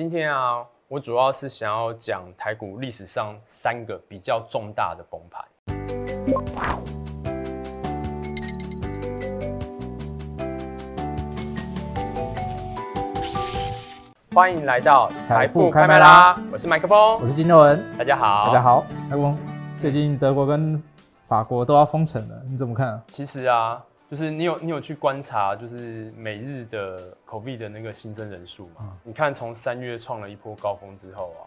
今天啊，我主要是想要講台股歷史上三個比較重大的崩盤。歡迎來到財富開麥拉啦，我是麥克風，我是筋肉人，大家好，大家好，麥克風。最近德國跟法國都要封城了，你怎麼看啊？其實啊。就是你有你有去觀察，就是每日的 COVID 的那個新增人數嘛？嗯、你看從三月創了一波高峰之後啊，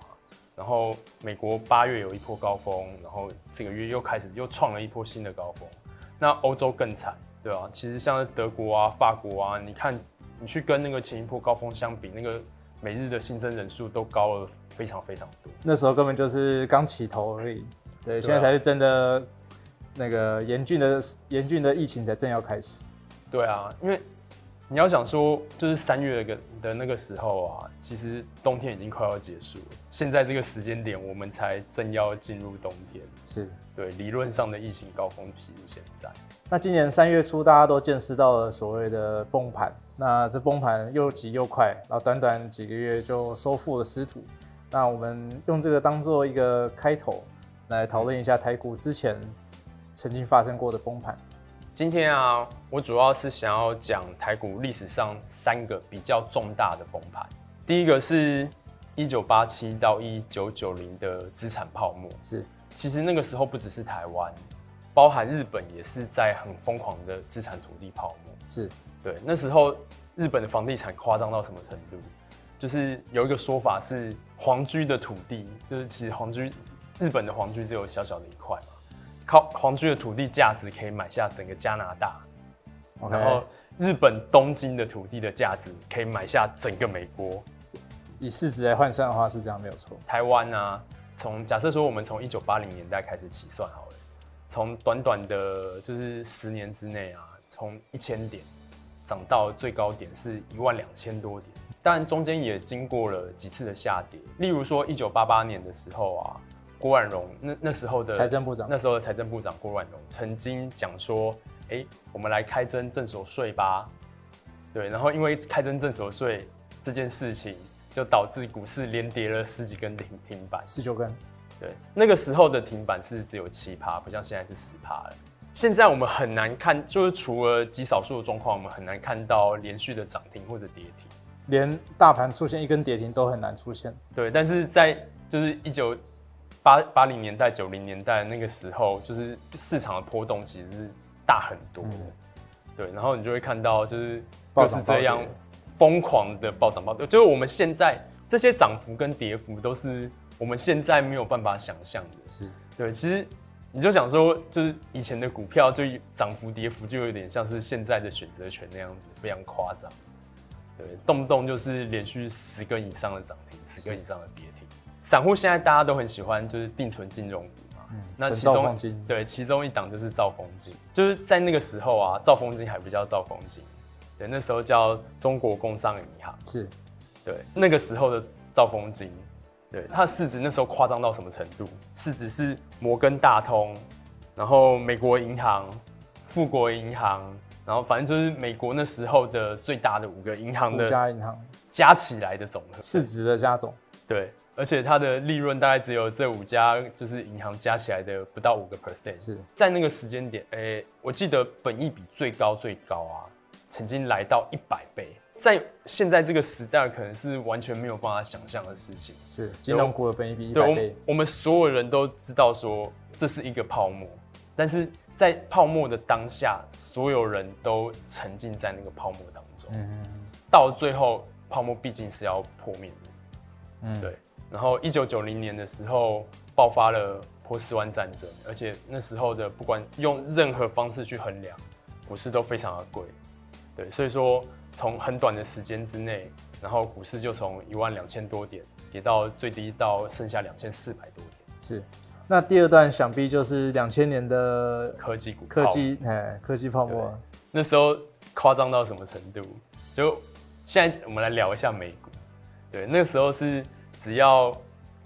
然後美國八月有一波高峰，然後這個月又開始又創了一波新的高峰。那歐洲更慘，對吧、啊？其實像德國啊、法國啊，你看你去跟那個前一波高峰相比，那個每日的新增人數都高了非常非常多。那時候根本就是剛起頭而已，對，對啊、現在才是真的。那個嚴峻的嚴峻的疫情才正要開始，對啊，因為你要想說，就是三月的那個時候啊，其實冬天已經快要結束了。現在這個時間點，我們才正要進入冬天，是。對，理論上的疫情高峰期是現在。那今年三月初，大家都見識到了所謂的崩盤。那這崩盤又急又快，然後短短幾個月就收復了失土。那我們用這個當做一個開頭，來討論一下台股之前。嗯曾經發生過的崩盤。今天啊，我主要是想要講台股歷史上三個比較重大的崩盤。第一個是，一九八七到一九九零的資產泡沫。是，其實那個時候不只是台灣，包含日本也是在很瘋狂的資產土地泡沫。是，對，那時候日本的房地產誇張到什麼程度？就是有一個說法是皇居的土地，就是其實皇居，日本的皇居只有小小的一塊。靠皇居的土地價值可以買下整個加拿大，Okay. 然後日本東京的土地的價值可以買下整個美國。以市值來換算的話是這樣，沒有錯。台灣啊，從假設說我們從一九八零年代開始起算好了，從短短的就是十年之內啊，從一千點漲到最高點是一萬兩千多點，但中間也經過了幾次的下跌，例如說一九八八年的時候啊。郭婉容那那時候的財政部長，那時候的財政，政部長郭婉容曾經講說：“誒、欸，我們來開徵證所稅吧。”對，然後因為開徵證所稅這件事情，就導致股市連跌了十幾根停停板，十九根。對，那個時候的停板是只有七趴，不像現在是十趴了。現在我們很難看，就是除了極少數的狀況，我們很難看到連續的漲停或者跌停，連大盤出現一根跌停都很難出現。對，但是在就是一九。八八零年代、九零年代那個時候，就是市場的波動其實是大很多的。嗯、對，然後你就會看到，就是就是，暴漲暴跌，又是這樣瘋狂的暴漲暴跌。就是我們現在這些漲幅跟跌幅，都是我們現在沒有辦法想象的。是，對，其實你就想說，就是以前的股票，就漲幅跌幅就有點像是現在的選擇權那樣子，非常誇張。對，動不動就是連續十個以上的漲停，十個以上的跌。散戶現在大家都很喜歡，就是定存金融股嘛。嗯。那其中對，其中一檔就是兆豐金，就是在那個時候啊，兆豐金還不叫兆豐金，對，那時候叫中國工商銀行。是。對，那個時候的兆豐金，對它市值那時候誇張到什麼程度？市值是摩根大通，然後美國銀行、富國銀行，然後反正就是美國那時候的最大的五個銀行的，家銀行。加起來的總和，市值的加總。對。而且它的利潤大概只有這五家，就是銀行加起來的不到五個 percent，是，在那個時間點，誒、欸，我記得本益比最高最高啊，曾經來到一百倍，在現在這個時代可能是完全沒有辦法想象的事情。是，金融股的本益比一百倍。對，對，我們所有人都知道說這是一個泡沫，但是在泡沫的當下，所有人都沉浸在那個泡沫當中，嗯嗯嗯。到最後泡沫畢竟是要破滅。嗯，對。然後一九九零年的時候爆發了波斯灣戰爭，而且那時候的不管用任何方式去衡量，股市都非常的貴。對，所以說從很短的時間之內，然後股市就從一萬兩千多點跌到最低，到剩下兩千四百多點。是。那第二段想必就是兩千年的科技股，科技哎，科技泡沫。對，那時候誇張到什麼程度？就現在我們來聊一下美股。對，那個時候是只要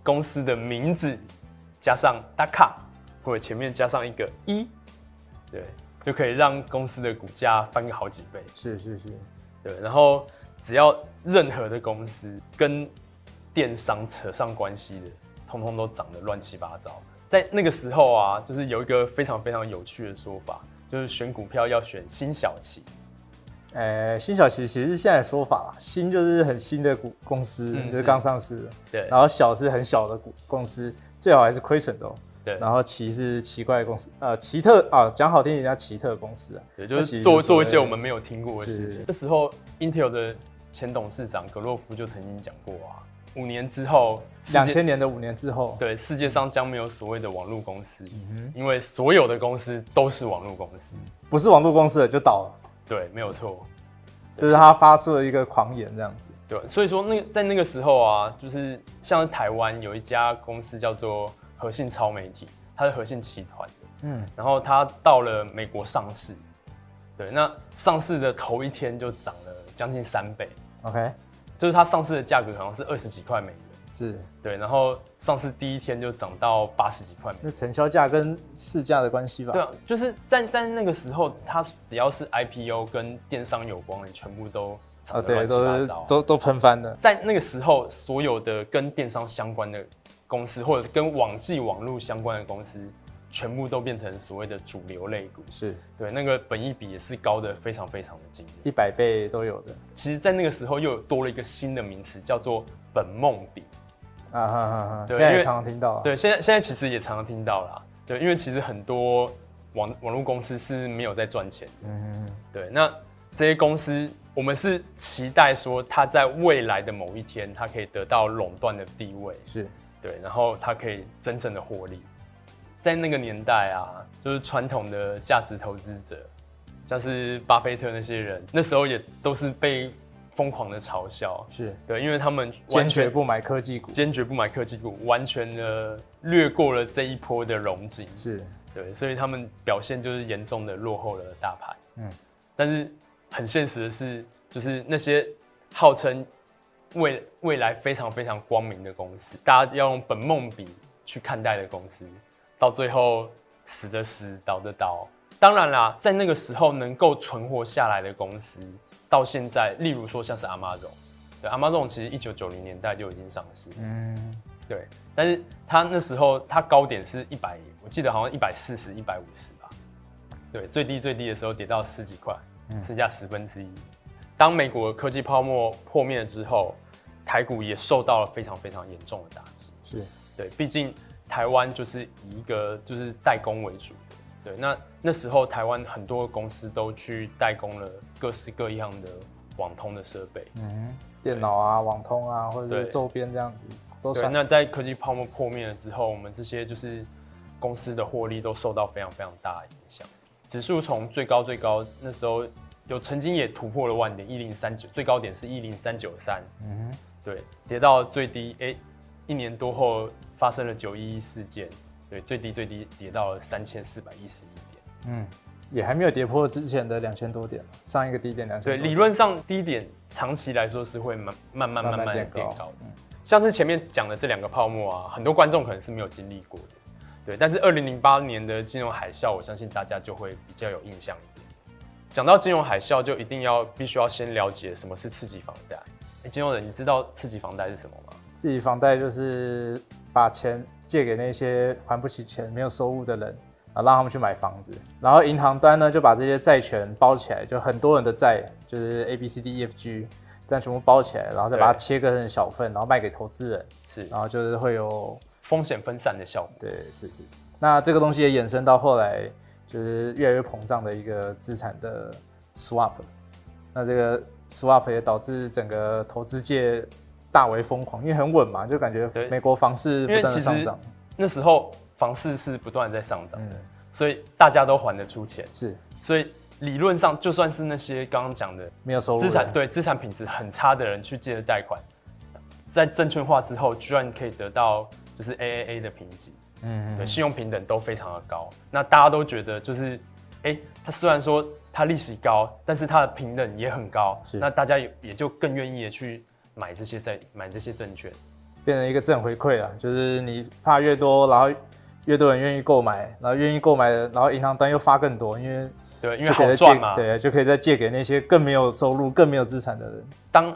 公司的名字加上 .com，或者前面加上一個 e，對，就可以讓公司的股價翻個好幾倍。是是是，對。然後只要任何的公司跟電商扯上關係的，通通都漲得亂七八糟。在那個時候啊，就是有一個非常非常有趣的說法，就是選股票要選新小企。哎、欸，新小奇，其實現在的說法，新就是很新的股公司，嗯、就是剛上市的。對。然後小是很小的股公司，最好還是虧損的、喔。對。然後奇是奇怪的公司，呃，奇特啊，講、呃、好聽人家奇特的公司啊，也就是做就是做一些我們沒有聽過的事情。那是時候，Intel 的前董事長葛洛夫就曾經講過啊，五年之後，兩千年的五年之後，對，世界上將沒有所謂的網絡公司，嗯、哼因為所有的公司都是網絡公司、嗯，不是網絡公司的就倒了。對，沒有錯，這是他發出的一個狂言這樣子。對，所以說那個、在那個時候啊，就是像是台灣有一家公司叫做和信超媒體，它是和信集團的，嗯、然後它到了美國上市，對，那上市的頭一天就漲了將近三倍。OK，就是它上市的價格好像是二十幾塊美。是對，然後上市第一天就漲到八十幾塊，那成交價跟市價的關係吧？對啊，就是在在那個時候，它只要是 IPO 跟電商有關的，你全部都啊、哦、對，都好都都，都噴翻的。在那個時候，所有的跟電商相關的公司，或者跟網際網路相關的公司，全部都變成所謂的主流類股。是對，那個本益比也是高的非常非常的驚人，一百倍都有的。其實，在那個時候又有多了一個新的名詞，叫做本夢比。啊哈哈！Uh huh, uh huh. 對，因為常常聽到。對，現在現在其實也常常聽到啦。對，因為其實很多網網絡公司是沒有在賺錢的。嗯哼哼。對，那這些公司，我們是期待說，它在未來的某一天，它可以得到壟斷的地位。是。對，然後它可以真正的獲利。在那個年代啊，就是傳統的價值投資者，像是巴菲特那些人，那時候也都是被。瘋狂的嘲笑。是對，因為他們堅決不買科技股，堅決不買科技股，完全的掠過了這一波的榮景。是，對，所以他們表現就是嚴重的落後了大盤。嗯，但是很現實的是，就是那些號稱未未來非常非常光明的公司，大家要用本夢比去看待的公司，到最後死的死，倒的倒。當然啦，在那個時候能夠存活下來的公司，到現在，例如說像是阿媽隆，對，阿媽 n 其實一九九零年代就已經上市，嗯，對，但是它那時候它高點是一百，我記得好像一百四十一百五十吧，對，最低最低的時候跌到十幾塊，剩下十分之一。嗯、當美國的科技泡沫破滅了之後，台股也受到了非常非常嚴重的打擊。是對，畢竟台灣就是以一個就是代工為主。對，那那時候台灣很多公司都去代工了各式各樣的網通的設備，嗯，電腦啊、對網通啊，或者是周邊這樣子對都算，那在科技泡沫破滅了之後，我們這些就是公司的獲利都受到非常非常大的影響。指數從最高最高那時候有曾經也突破了萬點，一零三九最高點是一零三九三，嗯，對，跌到最低，哎、欸，一年多後發生了九一一事件。對，最低最低跌到了三千四百一十一點，嗯，也還沒有跌破之前的兩千多點嘛，上一個低點兩千。對，理論上低點長期來說是會慢慢慢慢慢變高、高的。嗯，像是前面講的這兩個泡沫啊，很多觀眾可能是沒有經歷過的。對，但是二零零八年的金融海嘯，我相信大家就會比較有印象一點。講到金融海嘯，就一定要必須要先了解什麼是次級房貸。誒，筋肉人，你知道次級房貸是什麼嗎？次級房貸就是八千。借給那些還不起錢、沒有收入的人啊，讓他們去買房子。然後銀行端呢，就把這些債權包起來，就很多人的債，就是 A、B、C、D、E、F、G 這樣全部包起來，然後再把它切割成小份，然後賣給投資人。是對，然後就是會有風險分散的效果。是對，是是。那這個東西也衍生到後來，就是越來越膨脹的一個資產的 swap。那這個 swap 也導致整個投資界。大為瘋狂，因為很穩嘛，就感覺美國房市不斷上漲。對，因為其實那時候房市是不斷在上漲，嗯、所以大家都還得出錢。是，所以理論上就算是那些剛剛講的資產，沒有收入了，對，資產品質很差的人去借的貸款，在證券化之後，居然可以得到就是 AAA 的評級，嗯，嗯，嗯，信用評等都非常的高。那大家都覺得就是，哎、欸，它雖然說它利息高，但是它的評等也很高，是那大家也也就更願意去。買這些債，買這些證券，變成一個正回饋啊。就是你發越多，然後越多人願意購買，然後願意購買的，然後銀行端又發更多，因為對，因為好賺嘛，對，就可以再借給那些更沒有收入、更沒有資產的人。當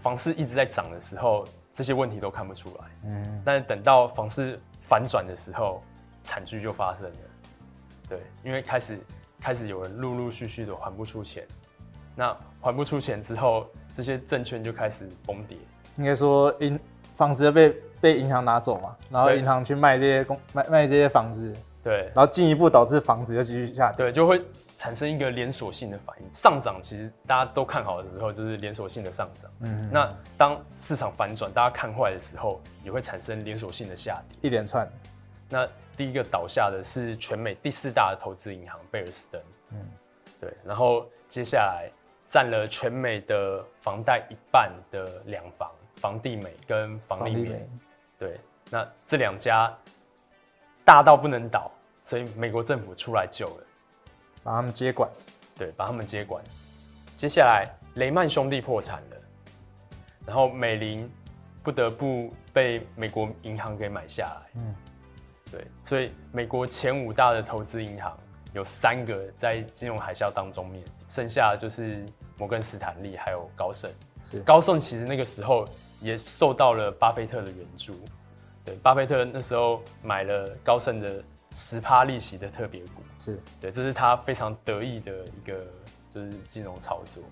房市一直在漲的時候，這些問題都看不出來。嗯，但是等到房市反轉的時候，慘劇就發生了。對，因為開始開始有人陸陸續續的還不出錢，那還不出錢之後。這些證券就開始崩跌，應該說，銀，銀房子被被銀行拿走嘛，然後銀行去賣這些公賣對賣這些房子，對，然後進一步導致房子又繼續下跌，對，就會產生一個連鎖性的反應。上漲其實大家都看好的時候，就是連鎖性的上漲，嗯，嗯，那當市場反轉，大家看壞的時候，也會產生連鎖性的下跌，一連串。那第一個倒下的是全美第四大的投資銀行貝爾斯登，嗯，對，然後接下來。佔了全美的房貸一半的兩房，房地美跟房利美，地美對，那這兩家大到不能倒，所以美國政府出來救了，把他們接管，對，把他們接管。接下來雷曼兄弟破產了，然後美林不得不被美國銀行給買下來，嗯，對，所以美國前五大的投資銀行。有三個在金融海嘯當中面，剩下的就是摩根斯坦利還有高盛，是高盛其實那個時候也受到了巴菲特的援助，對，巴菲特那時候買了高盛的十趴利息的特別股，是對，這是他非常得意的一個就是金融操作。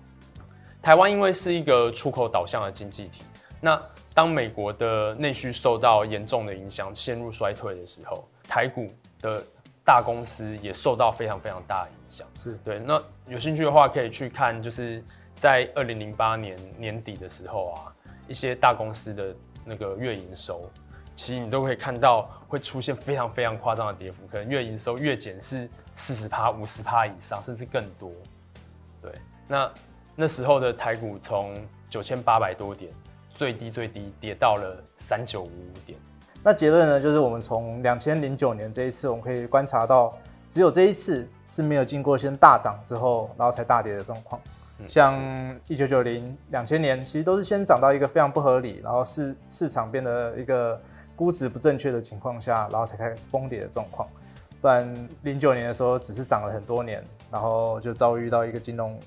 台灣因為是一個出口導向的經濟體，那當美國的內需受到嚴重的影響，陷入衰退的時候，台股的。大公司也受到非常非常大的影響，是對。那有興趣的話，可以去看，就是在二零零八年年底的時候啊，一些大公司的那個月營收，其實你都可以看到會出現非常非常誇張的跌幅，可能月營收月減是四十趴、五十趴以上，甚至更多。對，那那時候的台股從九千八百多點，最低最低跌到了三九五五點。那結論呢，就是我們從兩千零九年這一次，我們可以觀察到，只有這一次是沒有經過先大漲之後，然後才大跌的狀況。像一九九零、兩千年，其實都是先漲到一個非常不合理，然後市市場變得一個估值不正確的情況下，然後才開始崩跌的狀況。不然零九年的時候，只是漲了很多年，然後就遭遇到一個金融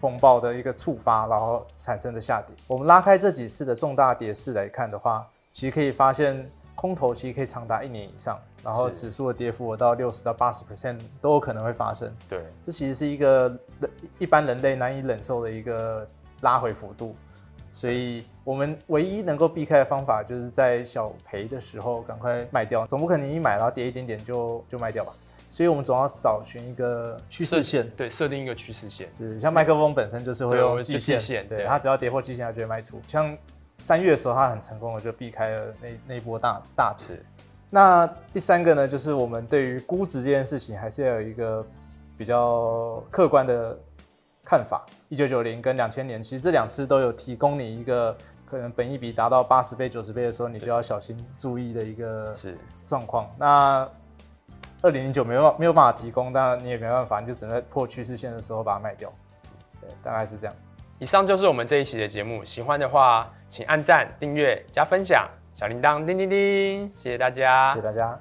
風暴的一個觸發，然後產生的下跌。我們拉開這幾次的重大跌勢來看的話，其實可以發現。空頭其實可以長達一年以上，然後指數的跌幅到六十到八十 percent 都有可能會發生。對，這其實是一個人一般人類難以忍受的一個拉回幅度，所以我們唯一能夠避開的方法就是在小賠的時候趕快賣掉，總不可能一買然後跌一點點就就賣掉吧。所以我們總要找尋一個趨勢線，對，設定一個趨勢線。是，像麥克風本身就是會用季線，對，線對，對，它只要跌破季線它就會賣出。像三月的時候，它很成功的就避開了那那波大大是那第三個呢，就是我們對於估值這件事情，還是要有一個比較客觀的看法。一九九零跟兩千年，其實這兩次都有提供你一個可能本益比達到八十倍、九十倍的時候，你就要小心注意的一個是狀況。那二零零九沒有沒有辦法提供，但你也沒辦法，你就只能在破趨勢線的時候把它賣掉。對，大概是這樣。以上就是我們這一期的節目，喜歡的話請按讚、訂閱、加分享，小鈴鐺叮叮叮，謝謝大家，謝謝大家。